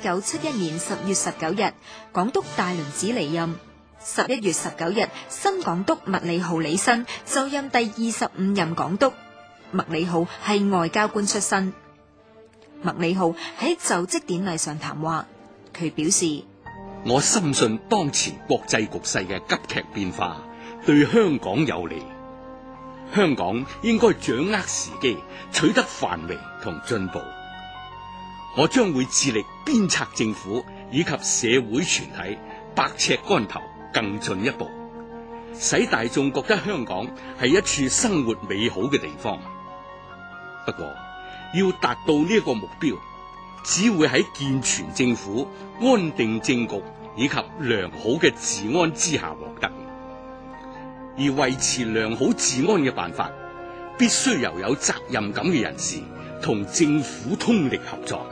1971年10月19日，港督戴麟趾離任。11月19日，新港督麥理浩履新就任第25任港督。麥理浩係外交官出身。麥理浩喺就職典禮上談話，佢表示:我深信當前國際局勢嘅急劇變化對香港有利。香港應該掌握時機，取得繁榮同進步。我將會致力鞭策政府以及社會全體百尺竿頭更進一步，使大眾覺得香港係一處生活美好嘅地方。不過，要達到呢個目標，只會喺健全政府、安定政局以及良好嘅治安之下獲得。而維持良好治安嘅辦法，必須由有責任感嘅人士同政府通力合作。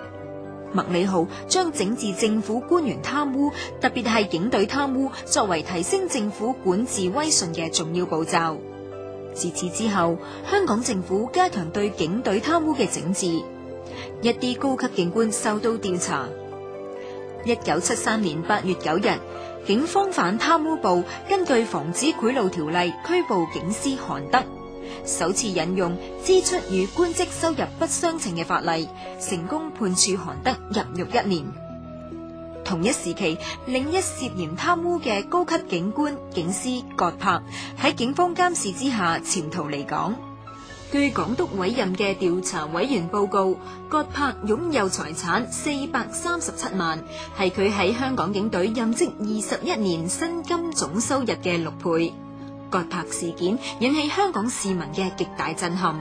麥理浩將整治政府官員貪污，特別係警隊貪污，作為提升政府管治威信嘅重要步驟。自此之後，香港政府加強對警隊貪污嘅整治，一啲高級警官受到調查。一九七三年八月九日，警方反貪污部根據防止賄賂條例拘捕警司韓德。首次引用支出與官職收入不相稱嘅法例，成功判處韓德入獄一年。同一時期，另一涉嫌貪污嘅高級警官警司葛柏喺警方監視之下潛逃離港。據港督委任嘅調查委員報告，葛柏擁有財產四百三十七萬，係佢喺香港警隊任職二十一年薪金總收入嘅六倍。葛柏事件引起香港市民嘅極大震撼。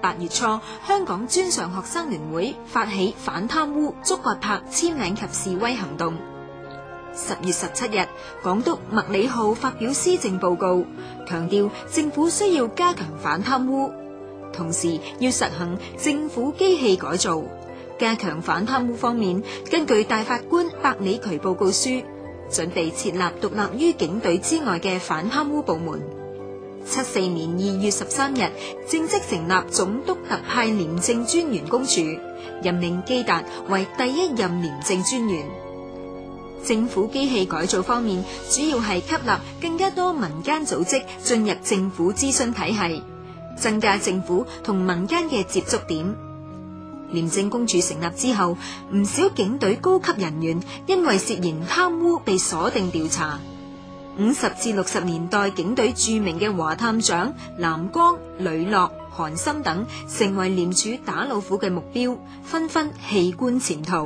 八月初，香港專上學生聯會發起反貪污、捉葛柏、簽名及示威行動。十月十七日，港督麥理浩發表施政報告，強調政府需要加強反貪污，同時要實行政府機器改造。加強反貪污方面，根據大法官百里渠報告書。準備設立獨立於警隊之外嘅反貪污部門。七四年二月十三日，正式成立總督特派廉政專員公署，任命基達為第一任廉政專員。政府機器改造方面，主要係吸納更加多民間組織進入政府諮詢體系，增加政府同民間嘅接觸點。廉政公署成立之後，唔少警隊高級人員因為涉嫌貪污被鎖定調查。五十至六十年代警隊著名嘅華探長藍剛、呂樂、韓森等，成為廉署打老虎嘅目標，紛紛棄官潛逃。